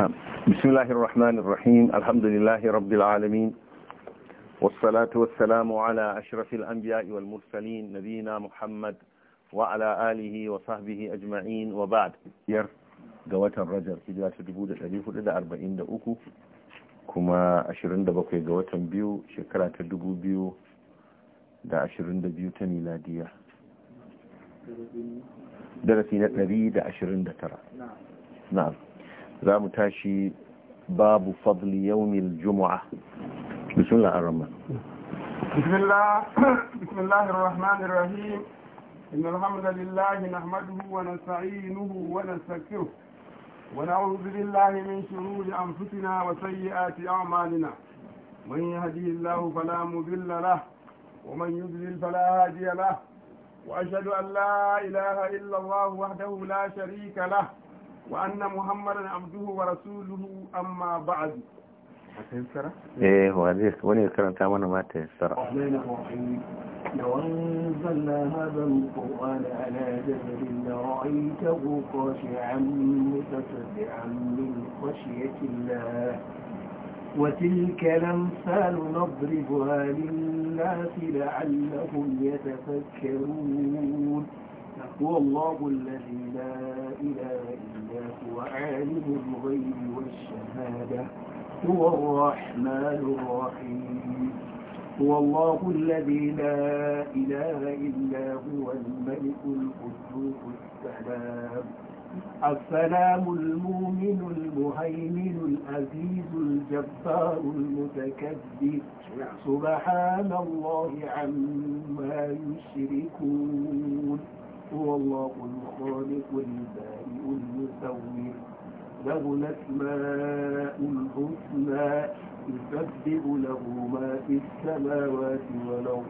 نعم بسم الله الرحمن الرحيم الحمد لله رب العالمين والصلاة والسلام على أشرف الأنبياء والمرسلين نبينا محمد وعلى آله وصحبه أجمعين وبعد ير قوات الرجل هجرة دبودة أليف لدى أربعين دقوكو كما أشرين دبقى قوات بيو شكرة دبو بيو دا أشرين دبيو تميلادية درسي نتنبي دا أشرين دترى نعم نعم za mu tashi babu fadli yawmil jumu'a bismillah ar-rahman bismillah bismillahir rahmanir rahim innal hamdalillah nahmaduhu wa nasta'inuhu wa nastaghfiruh wa na'udhu billahi min shururi anfusina wa sayyiati a'malina man yahdihillahu fala mudilla lahu ومن يضلل فلا هادي له وأشهد أن لا إله إلا الله وحده لا شريك له وأن محمدا عبده ورسوله أما بعد ايه وهذه وني الكلام تامنا ما تيسر إيه، وأنزلنا هذا القرآن على جبل لرأيته خاشعا متصدعا من خشية الله وتلك الأمثال نضربها للناس لعلهم يتفكرون هو الله الذي لا إله إلا وعالم الغيب والشهادة هو الرحمن الرحيم هو الله الذي لا إله إلا هو الملك القدوس السلام السلام المؤمن المهيمن العزيز الجبار المتكبر سبحان الله عما يشركون هو الله الخالق البارئ المصور له الأسماء الحسنى يسبح له ما في السماوات والأرض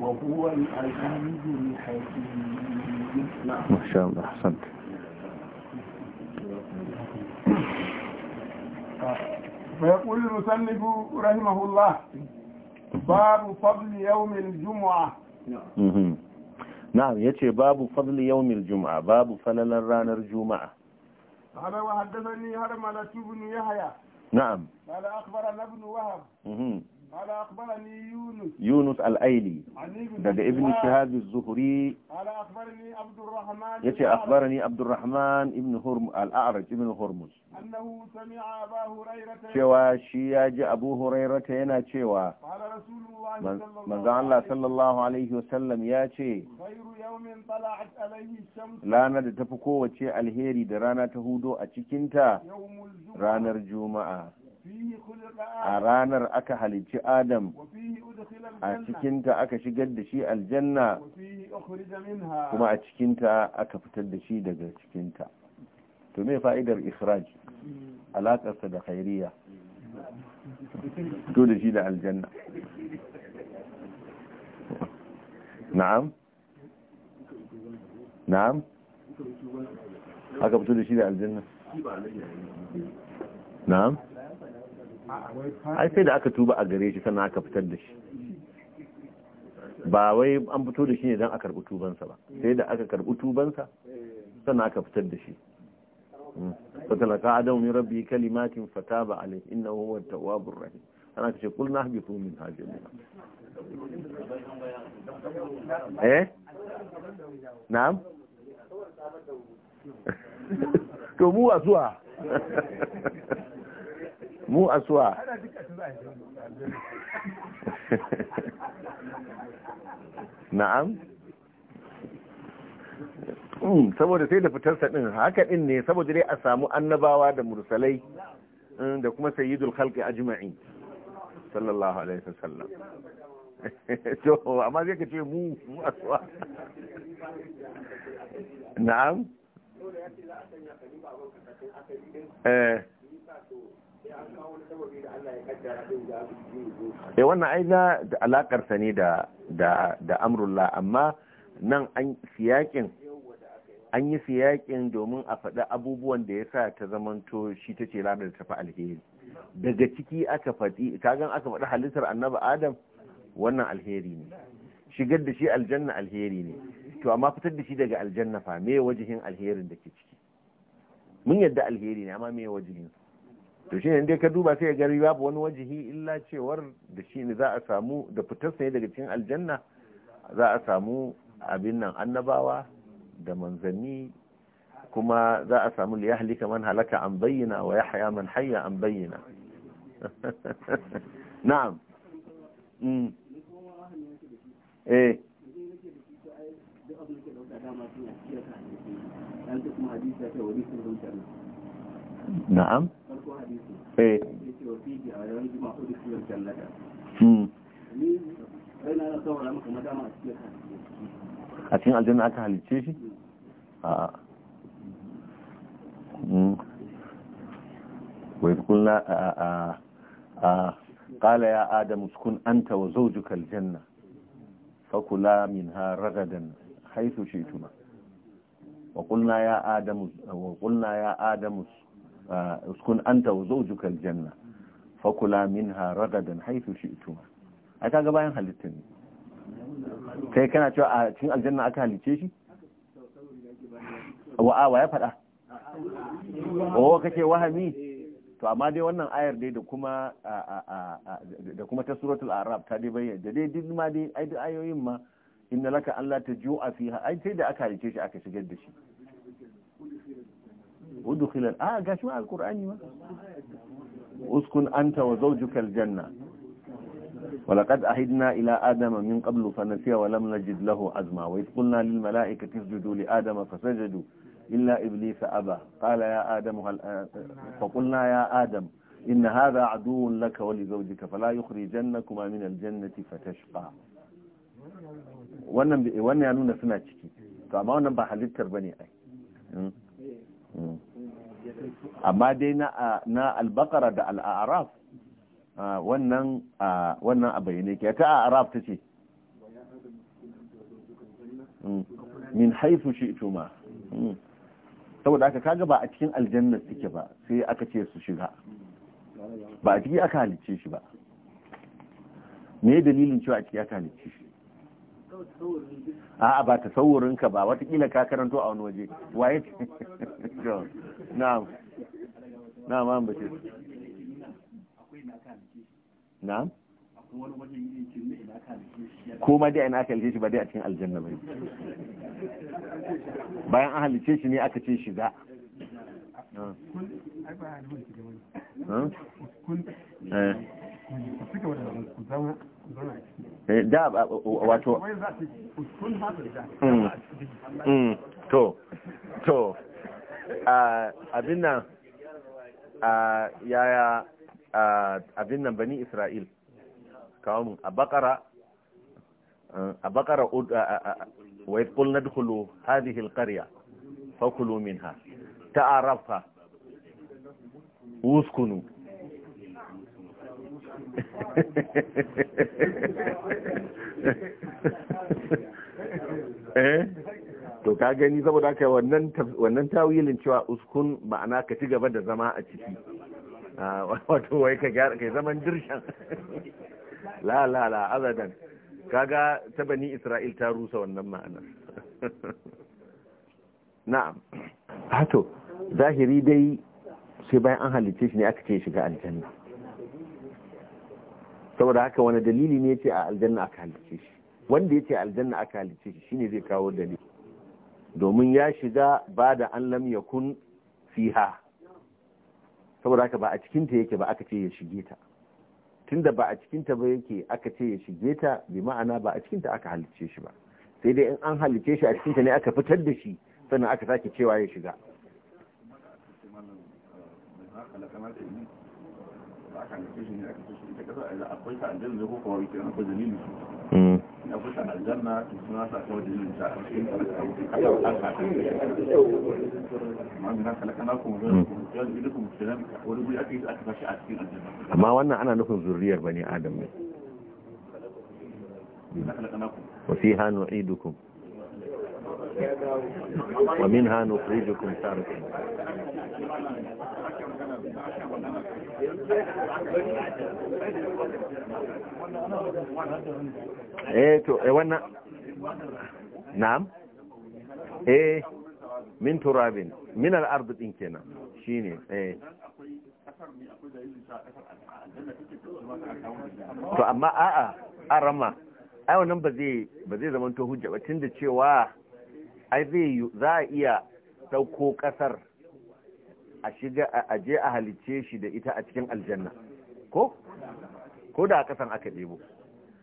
وهو العزيز الحكيم ما شاء الله أحسنت فيقول المسلف رحمه الله باب فضل يوم الجمعة نعم na'am ce babu fadli yawmil juma'a babu falalar ranar juma'a قال وحدثني هرملة بن يحيى نعم قال أخبرنا ابن وهب قال أخبرني يونس يونس الأيلي دد ابن شهاب الزهري قال أخبرني عبد الرحمن يتي أخبرني عبد الرحمن ابن هرم الأعرج ابن هرمز أنه سمع أبا هريرة شوى شياج أبو هريرة هنا شوى قال رسول الله من, من صلى الله, صلى الله عليه وسلم يا شي خير يوم طلعت عليه الشمس لا ند تفكو وشي الهيري درانا تهودو أتشكنتا يوم الجمعة رانر جمعة a ranar aka halicci adam a cikinta aka shigar da shi aljanna kuma a cikinta aka fitar da shi daga cikinta to me fa'idar ikhraj alaƙarsa da khairiya to da shi da aljanna na'am na'am aka fito da shi da aljanna na'am ai sai da aka tuba a gare shi sannan aka fitar da shi ba wai an fito da shi ne don a karɓi tubansa ba sai da aka karɓi tubansa sannan aka fitar da shi hmm. fatalaka adamu min rabbi kalimatin fataba alai Inna, huwa tawwabur rahim ana ce kulna na habitu min hajjami eh na'am to mu zuwa mu asuwa na'am hmm, saboda sai da fitarsa din haka din ne saboda dai a samu annabawa da mursalai hmm, da kuma sayyidul khalqi ajma'in sallallahu alaihi wasallam to amma zai ka ce mu mu suwa na'am eh eh wannan ai na da alakar sa ne da da da amrulla amma nan an siyakin an yi siyakin domin a faɗi abubuwan da ya sa ta zamanto shi ta ce ranar tafi alheri daga ciki aka faɗi kagan aka faɗi halittar annabi adam wannan alheri ne shigar da shi aljanna alheri ne to amma fitar da shi daga aljanna fa me wajihin alherin da ke ciki mun yadda alheri ne amma me wajihin to shi ne ka duba sai ga gari babu wani wajihi illa cewar da shi ne za a samu da fitar ne daga cikin aljanna za a samu abin nan annabawa da manzanni kuma za a samu halika man halaka an bayyana wa haya man hayya an bayyana na'am mm. eh kuma hadisi ta wani sun na'am eh. hmm. a cikin aljanna aka halice shi hmm. a hmm. waifukunla a a ƙala ya adam sukun an tawa zojuka aljanna fakula min ha ragadan haifushe tuma waƙulna ya ya adam uskun anta wa zawjuka aljanna fakula minha ragadan haythu ituma. ai kaga bayan halittar ne kai kana cewa a cikin aljanna aka halice shi wa a wa ya faɗa o kake wahami to amma dai wannan ayar dai da kuma da kuma ta suratul arab ta dai bayyana da dai duk ma dai ayoyin ma inna laka an la taju'a fiha ai sai da aka halice shi aka shigar da shi ودخل آه قال شو القرآن اسكن أنت وزوجك الجنة ولقد عهدنا إلى آدم من قبل فنسي ولم نجد له عزما وإذ قلنا للملائكة اسجدوا لآدم فسجدوا إلا إبليس أبى قال يا آدم هل آه، فقلنا يا آدم إن هذا عدو لك ولزوجك فلا يخرجنكما من الجنة فتشقى وانا يعنون nuna suna ciki to amma wannan amma dai na albakara da al'araf wannan a bayyane ke ta araf ta ce hmm, min haifu shi ituma hmm. saboda aka kaga ba a cikin aljannar suke ba sai aka ce su shiga ba a ciki aka halice shi ba me dalilin cewa a ciki aka halice shi a'a ba ta saurin ka ba watakila ka karanto a wani waje waye na'am na'am an bace na'am ko dai an aka halice shi ba dai a cikin aljanna ba bayan an halice shi ne aka ce shi za kun eh. Eh, da wato hmm. Hmm. to to abin nan yaya abin nan bani isra'il kawo mun a bakara eh, a na wa idkul nadkhulu hadhihi alqarya ta minha ta'arafa uskunu Eh? to ka gani saboda ka wannan wannan tawilin cewa uskun ma'ana ka ci gaba da zama a ciki ah, wato wai ka gyara kai zaman dirshan la la la azadan kaga ta bani isra'il ta rusa wannan ma'anar na'am hato zahiri dai sai bayan an halicce shi ne aka ce shiga aljanna saboda haka wani dalili ne ce a aljanna aka halice shi wanda ce aljanna aka halice shi shine zai kawo dalili domin ya shiga ba da an lam kun fiha saboda haka ba a cikinta yake ba aka ce ya shige ta tunda ba a cikinta ba yake aka ce ya shige ta bi ma'ana ba a cikinta aka halice shi ba sai dai in an halice shi a cikinta ne aka fitar da shi sannan aka sake cewa ya shiga ba kan da shi a cikin shi da kaza akwai ta amma wannan ana nufin zuriyar bani adam ne وفيها نعيدكم ومنها نخرجكم تاركا ايه تو to وانا wannan na'am من min من min al شيني ايه kenan to amma a'a arama ai wannan ba zai ba to hujja ba tunda cewa ai zai za a iya ɗauko ƙasar a shiga a je a halice shi da ita a cikin aljanna ko ko da ƙasan aka ɗebo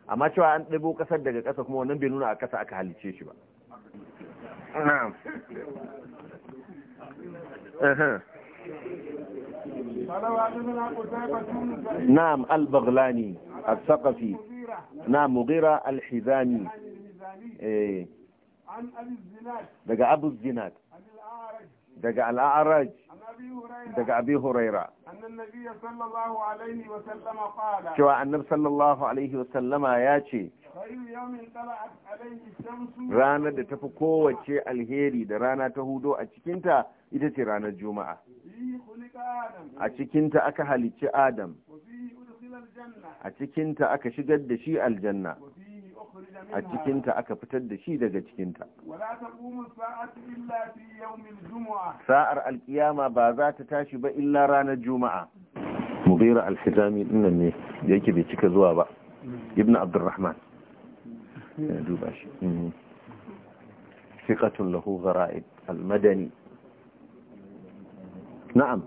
amma cewa an ɗebo ƙasar daga ƙasa kuma wannan bai nuna a ƙasa aka halice shi ba na'am نعم البغلاني الثقفي نعم مغيرة الحذاني ايه daga abu zinad daga al'araj daga abi huraira cewa annab sallallahu alaihi wasallama ya ce ranar da tafi kowace alheri da rana ta hudo a cikinta ita ce ranar juma'a a cikinta aka halicci adam a cikinta aka shigar da shi aljanna a cikinta aka fitar da shi daga cikinta sa'ar alkiyama ba za ta tashi ba illa ranar juma'a mubira alhizami dinnan ne da yake bai cika zuwa ba ibn abdurrahman ya duba shi fiqatun mhm. lahu al-Madani. na'am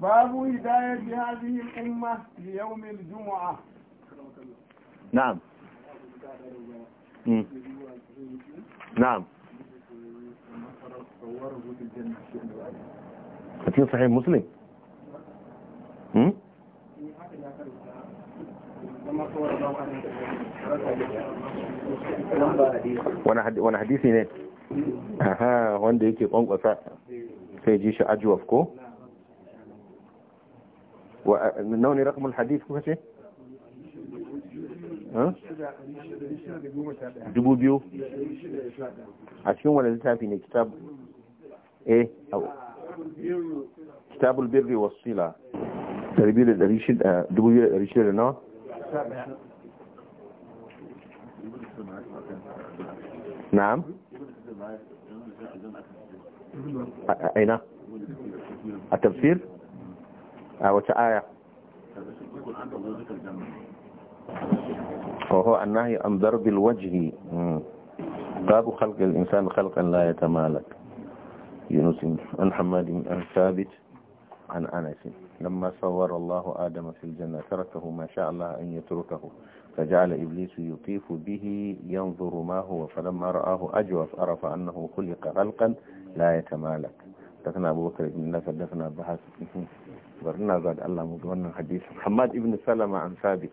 babu hidayar hadhihi al-umma li yawm al na'am نعم في صحيح مسلم امم وانا وانا حديثي ني اها وانده يكي قنقصا في جيش اجوفكو ونوني رقم الحديث كو شيء dubu biyu a cikin wani littafi ne kitab eh kitabul birri wasila 2600 nawa na'am aina a tafsir a wata aya وهو النهي عن ضرب الوجه باب خلق الإنسان خلقا لا يتمالك يونس عن حماد عن ثابت عن أنس لما صور الله آدم في الجنة تركه ما شاء الله أن يتركه فجعل إبليس يطيف به ينظر ما هو فلما رآه أجوف عرف أنه خلق خلقا لا يتمالك حدثنا أبو بكر بن الله حدثنا بحث برنا بعد الله مدونا حديث محمد بن سلمة عن ثابت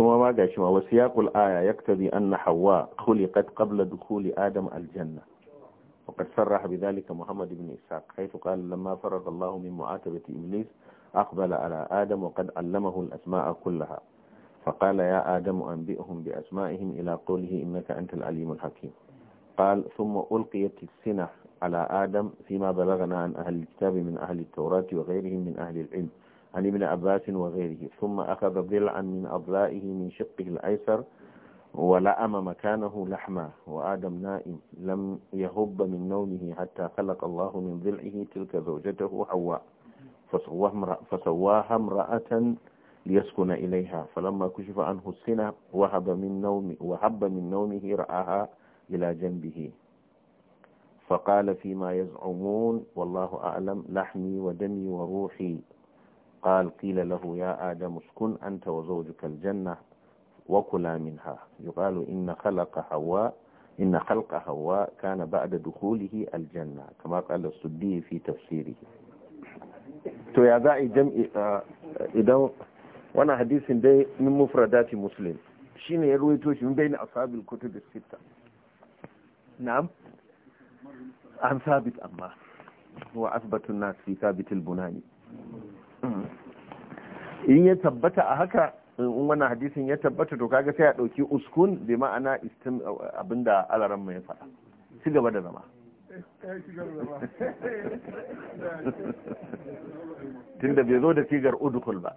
كما ما gashi ma wasu الآية يقتضي أن حواء خلقت قبل دخول آدم الجنة وقد صرح بذلك محمد بن إسحاق حيث قال لما فرغ الله من معاتبة إبليس أقبل على آدم وقد علمه الأسماء كلها فقال يا آدم أنبئهم بأسمائهم إلى قوله إنك أنت العليم الحكيم قال ثم ألقيت السنة على آدم فيما بلغنا عن أهل الكتاب من أهل التوراة وغيرهم من أهل العلم عن ابن عباس وغيره ثم أخذ ضلعا من أضلائه من شقه الأيسر ولأم مكانه لحما وآدم نائم لم يهب من نومه حتى خلق الله من ضلعه تلك زوجته حواء فسواها امرأة ليسكن إليها فلما كشف عنه السنة وهب من نومه وهب من نومه رآها إلى جنبه فقال فيما يزعمون والله أعلم لحمي ودمي وروحي قال قيل له يا آدم اسكن أنت وزوجك الجنة وكلا منها يقال إن خلق حواء إن خلق حواء كان بعد دخوله الجنة كما قال السدي في تفسيره تو يا داعي جمع آه، اذا وانا حديث من مفردات مسلم شنو يروي توش من بين أصحاب الكتب الستة نعم عن ثابت أما هو أثبت الناس في ثابت البناني in ya tabbata a haka in wannan hadisin ya tabbata to kaga sai a ɗauki uskun bi ma'ana istim abinda alaran mai faɗa ci gaba da zama tunda bai zo da sigar udukul ba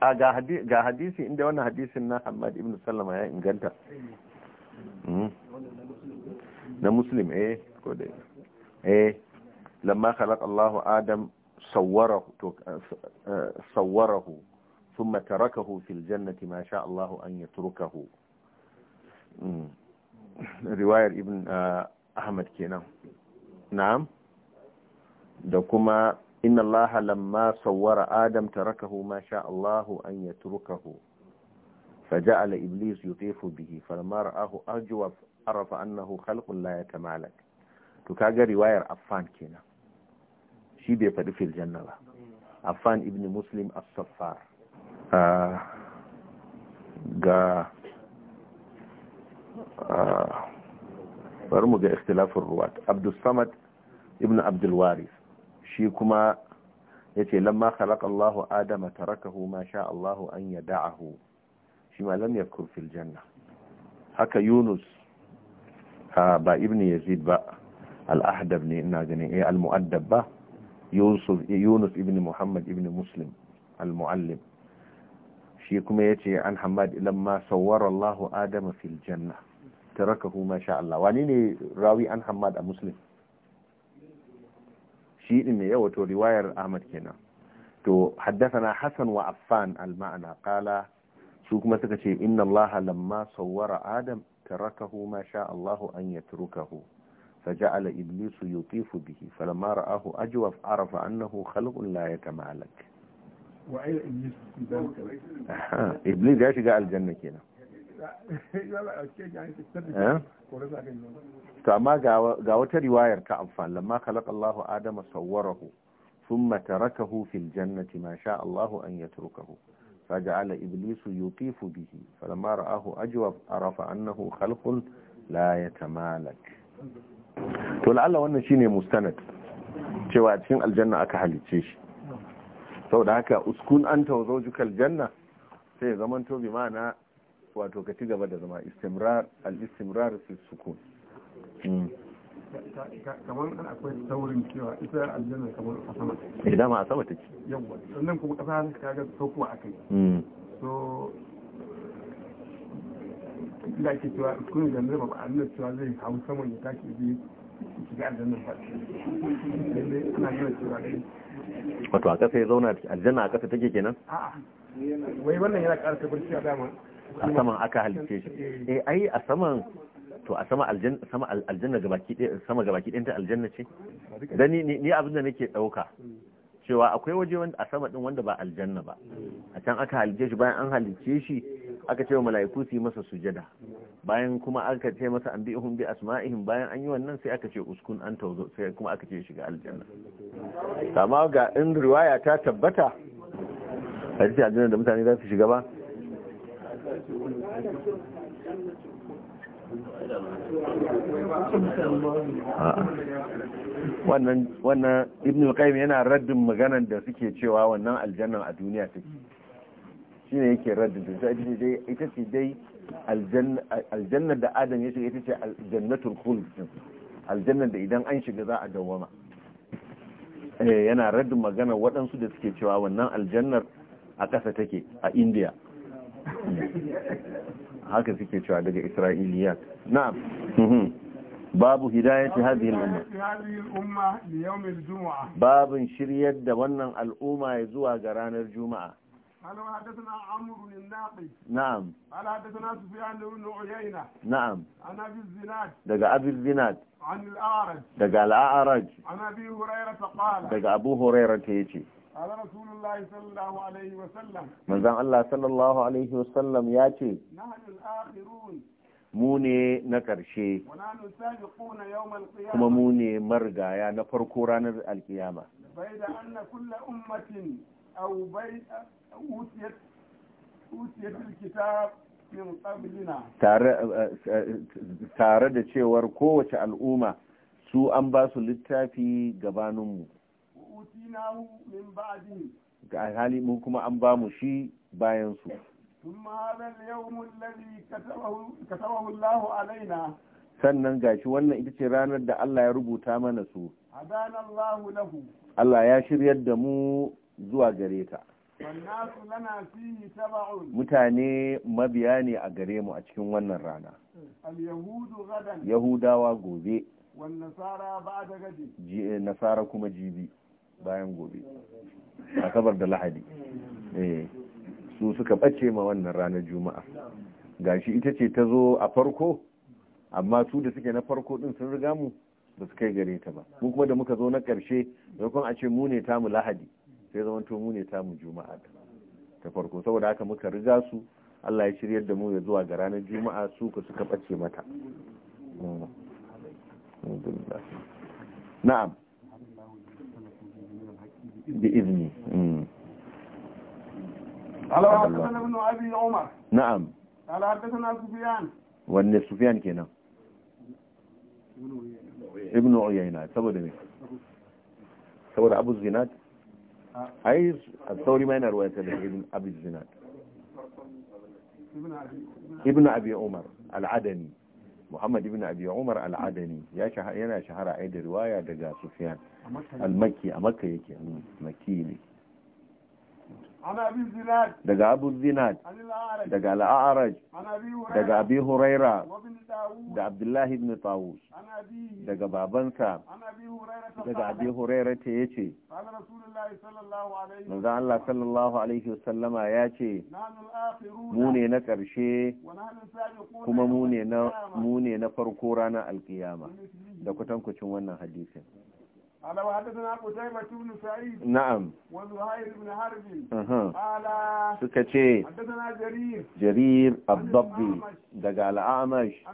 a ga hadisi inda wannan hadisin na hamad ibn sallama ya inganta hmm. na muslim eh ko da إيه لما خلق الله آدم صوره صوره ثم تركه في الجنة ما شاء الله أن يتركه رواية ابن آه، أحمد كينا نعم دكما إن الله لما صور آدم تركه ما شاء الله أن يتركه فجعل إبليس يطيف به فلما رآه أجوف عرف أنه خلق لا يتمالك to kaga riwayar affan kenan shi bai faɗi fil janna ba affan ibn muslim as-saffar ah, ga ah, bari mu ga ikhtilafin ruwat Abdulsamad ibn abdulwaris shi kuma yace ce lamma khalaqa Allahu adama tarakahu ma sha Allahu an yada'ahu shi ma lam yakur fil janna haka yunus ah, ba ibn yazid ba al'ahdab ne ina ganin eh al-mu'addab ba yusuf yunus ibn muhammad ibn muslim al-muallim shi kuma yace an hamad lamma sawwara Allahu adama fil janna raka ma sha Allah wani ne rawi an hamad a muslim shi din ne yawa to riwayar ahmad kenan to haddathana hasan wa affan al maana qala su kuma suka ce inna Allah lamma sawwara adam Ta raka ma sha Allah an yatrukahu فجعل إبليس يطيف به فلما رآه أجوف عرف أنه خلق لا يتمالك وعي إبليس إبليس جاء شقاء الجنة كنا فما قاوت رواية كأنفان لما خلق الله آدم صوره ثم تركه في الجنة ما شاء الله أن يتركه فجعل إبليس يطيف به فلما رآه أجوف عرف أنه خلق لا يتمالك to la'alla wannan shine mustanad cewa cikin aljanna aka halice shi saboda haka uskun an tauzo jukal janna sai ya zama to bi ma'ana wato ka ci gaba da zama istimrar al-istimrar fi sukun hmm. kamar an akwai saurin cewa ita aljanna kamar a sama eh dama a sama take yawon sannan kuma kasa ta ga sauko kai. Hmm. so da ke cewa uskun janna ba ba nuna cewa zai hau saman ya tashi wato a ƙasa ya zauna aljanna a ƙasa take kenan wai wannan yana karfe burci a dama a saman aka halice shi eh ai a saman to a sama aljanna sama aljanna gabaki ɗaya sama gabaki ɗayan ta aljanna ce dan ni ni abin da nake ɗauka cewa akwai waje wanda a sama din wanda ba aljanna ba a can aka halice shi bayan an halice shi aka ce wa mala'iku su yi masa sujada bayan kuma aka ce masa an bi'ihum bi asma'ihim bayan an yi wannan sai aka ce uskun an tawzo sai kuma aka ce shiga aljanna kama ga in riwaya ta tabbata a ce aljanna da mutane za su shiga ba wannan wannan ibn qayyim yana raddin magana da suke cewa wannan aljanna a duniya take shine yake raddin ta ita ce dai aljannar da adam ya shiga ita ce aljannatul khuld aljannar da idan an shiga za a dawwama eh, yana raddin magana waɗansu da suke cewa wannan aljannar a ƙasa take a indiya haka suke cewa daga isra'iliya na'am babu hidayati hadhihi al-umma babun shiryar da wannan al'umma ya zuwa ga ranar juma'a قال وحدثنا عمرو الناقي نعم قال حدثنا سفيان بن عيينة نعم عن أبي الزناد دقى أبي الزناد عن الأعرج دقى الأعرج عن أبي هريرة قال دقى أبو هريرة يجي قال رسول الله صلى الله عليه وسلم من ذا الله صلى الله عليه وسلم ياتي نحن الآخرون mu ne na ƙarshe kuma mu ne marigaya na farko ranar alkiyama أو بين أوتيت أوتيت الكتاب tare da cewar kowace al'umma su an ba su littafi gabaninmu ga ثم هذا kuma an كتبه كتبه shi bayansu sannan gashi wannan ita ce ranar da Allah ya rubuta mana su lahu Allah ya shiryar da mu zuwa gare ta mutane mabiya ne a gare mu a cikin wannan rana yahudawa gobe eh, nasara kuma jibi bayan gobe a kabar da lahadi eh, su suka ɓace ma wannan ranar juma'a gashi ita ce ta zo a farko amma su da suke na farko ɗin sun riga mu ba su kai gare ta ba mu kuma da muka zo na ƙarshe kuma a ce mu ne tamu lahadi sai zaman to mu ne tamu juma'a ta farko saboda haka muka riga su Allah ya shiryar da mu ya zuwa ga ranar juma'a su ka suka bace mata na'am bi izni alawa kana nuna abi umar na'am Allah ala hadathana sufyan wanne sufyan kenan ibn uyayna saboda ne saboda abu zinat ai sauri ma yana ruwayata da ibn abi zinad ibn abi umar al'adani muhammad ibn abi umar al'adani yana shahara ai da riwaya daga sufyan al a makka yake hmm, makki ne daga abu zinad daga al'araj daga abi huraira da abdullahi ibn tawus daga babansa daga abi huraira ta ya ce manzan Allah sallallahu alaihi wasallama ya ce mu ne na ƙarshe kuma mu ne na farko ranar alkiyama da kutankucin wannan hadisin قال وحدثنا قتيبة بن سعيد نعم وزهير بن حرب قال سكتي حدثنا جرير جرير الضبي دقى الأعمش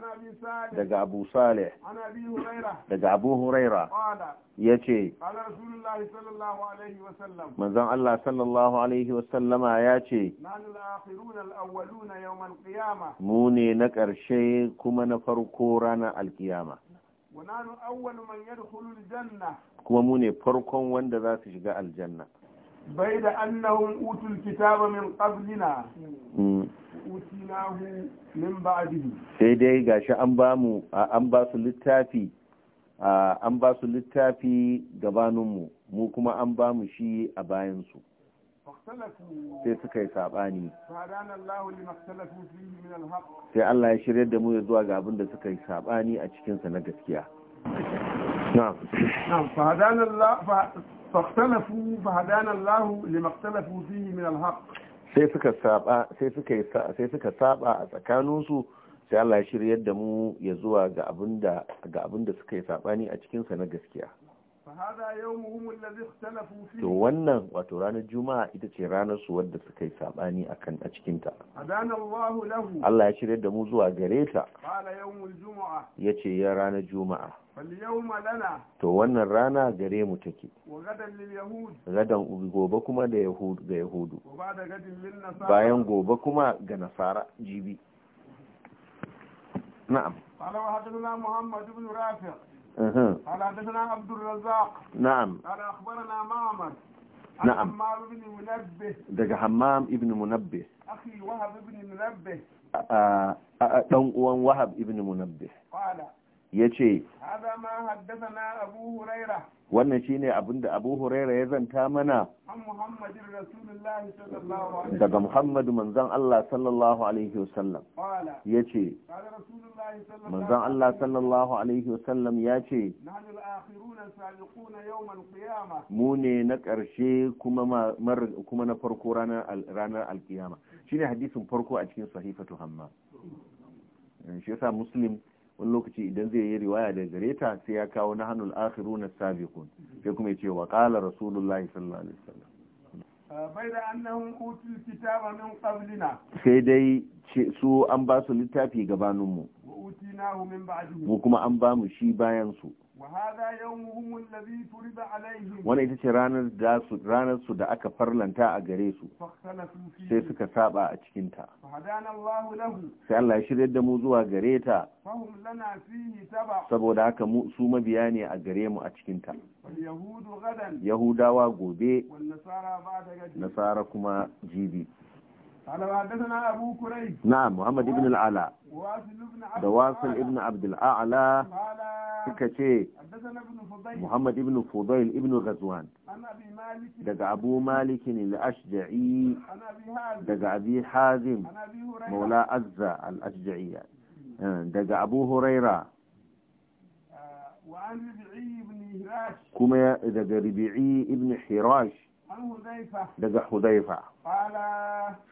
دقى أبو صالح عن أبي هريرة دقى أبو هريرة قال يتي قال رسول الله صلى الله عليه وسلم من زم الله صلى الله عليه وسلم ياتي نحن الآخرون الأولون يوم القيامة موني نكر شيء كما نفر كورانا القيامة kuma mu ne farkon wanda za su shiga aljanna. bai da annahun utun kitaba min qablina hmm. utinahu min ba'dihi sai dai gashi an ba mu an ba su littafi an ba su littafi gabanin mu kuma an ba mu shi a bayansu. sai suka yi saɓani sai Allah ya shirya da mu ya zuwa ga abin da suka yi saɓani a cikinsa na gaskiya sai suka saba a tsakaninsu sai Allah ya shirya da mu ya zuwa ga abin da suka yi saɓani a cikinsa na gaskiya to wannan wato ranar juma'a ita ce ranar su wadda suka yi sabani kan a cikinta. Allah ya shirya da mu zuwa gare ta ya ce ya ranar juma'a to wannan rana gare mu take gadan gobe kuma da ga yahudu bayan gobe kuma ga nasara jibi na'am قال وحدثنا محمد بن رافع قال حدثنا عبد الرزاق نعم قال أخبرنا معمر نعم حمام بن منبه دقا حمام ابن منبه أخي وهب ابن منبه أه أه, آه، وهب ابن منبه قال ya ce wannan shi ne abinda abu huraira ya zanta mana daga muhammadu manzan Allah sallallahu alaihi wasallam ya ce manzan Allah sallallahu alaihi wasallam ya ce mu ne na ƙarshe kuma na farko ranar alkiyama shi ne hadisin farko a cikin sahifatu hamma eh, shi yasa muslim wani lokaci idan zai yi riwaya da gare ta sai ya kawo na hannun akhiru na sabiqun sai kuma ya ce wa qala rasulullahi sallallahu alaihi wasallam bai da annahum utul kitaba min qablina sai dai su an ba su littafi gabanin mu mu kuma an ba mu shi bayan su Wani ita ce ranar su da aka farlanta a gare su sai suka saba a cikinta sai Allah ya shirya da mu zuwa gare ta saboda haka su mabiya ne a gare mu a cikinta yahudawa gobe nasara kuma jibi قال Muhammad Ibn كريب نعم محمد بن العلاء وواصل بن عبد كشيء محمد ابن فضيل ابن غزوان دق أبو مالك الأشجعي دق أبي حازم مولى أزة الأشجعية آه، دق أبو هريرة آه، كما دق ربيعي ابن حراش دق حذيفة قال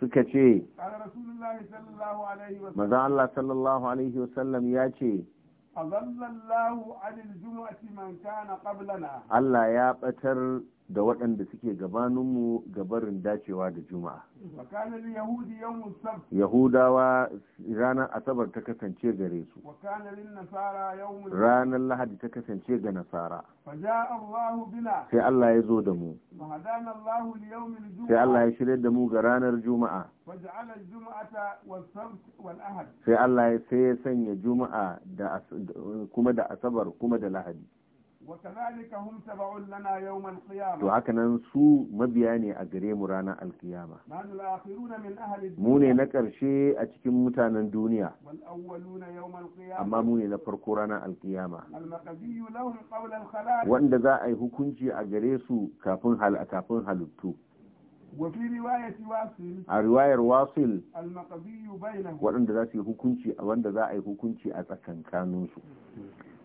سكتي قال رسول الله صلى الله عليه وسلم ماذا الله صلى الله عليه وسلم ياتي azallallahu anil jumu'ati man kana qablana Allah ya ɓatar. da waɗanda suke gabaninmu gabarin dacewa da juma'a yahudawa ranar asabar ta kasance gare su ranar lahadi ta kasance ga nasara sai allah ya zo da mu sai allah ya shirya da mu ga ranar juma'a sai allah ya sanya juma'a kuma da asabar kuma da lahadi To haka nan su mabiya ne a gare mu ranar alkiyama. Mu ne na ƙarshe a cikin mutanen duniya, amma mu ne na farko ranar alkiyama. Wanda za a yi hukunci a gare su kafin halittu. a riwayar wasil waɗanda za su yi hukunci a wanda za a yi hukunci a tsakankaninsu.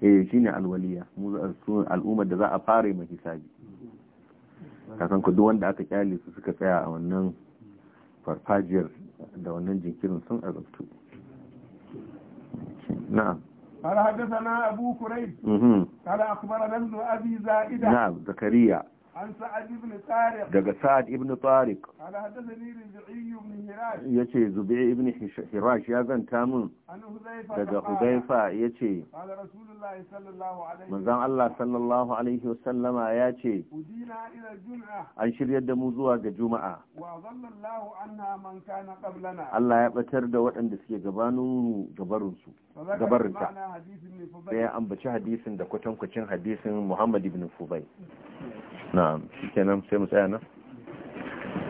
eh shine alwaliya mu al'ummar da za a fara mai hisabi kasan ku duk wanda aka kyale su suka tsaya a wannan farfajiyar da wannan jinkirin sun azabtu na'am قال حدثنا أبو كريب قال أخبرنا ابن أبي زائدة نعم زكريا daga sa'ad ibn tariq ya ce zube ibn hirash ya zanta min daga hudaifa ya ce mazan Allah sallallahu alaihi wasallama ya ce an shirya da mu zuwa ga juma'a Allah ya batar da waɗanda suke gabarinsu gabarinta sai ya ambaci hadisin da kwatankwacin hadisin Muhammadu ibn fubai na'am shikenan sai mu tsaya nan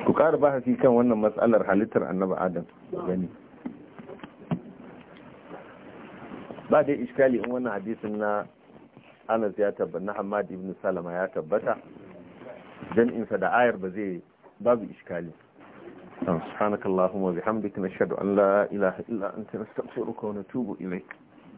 ku ƙara haƙi kan wannan matsalar halittar annaba adam gani ba dai iskali in wannan hadisin na anas ya tabbata na hamad ibn salama ya tabbata jan'insa da ayar ba zai babu iskali سبحانك اللهم وبحمدك نشهد أن لا إله إلا أنت نستغفرك ونتوب إليك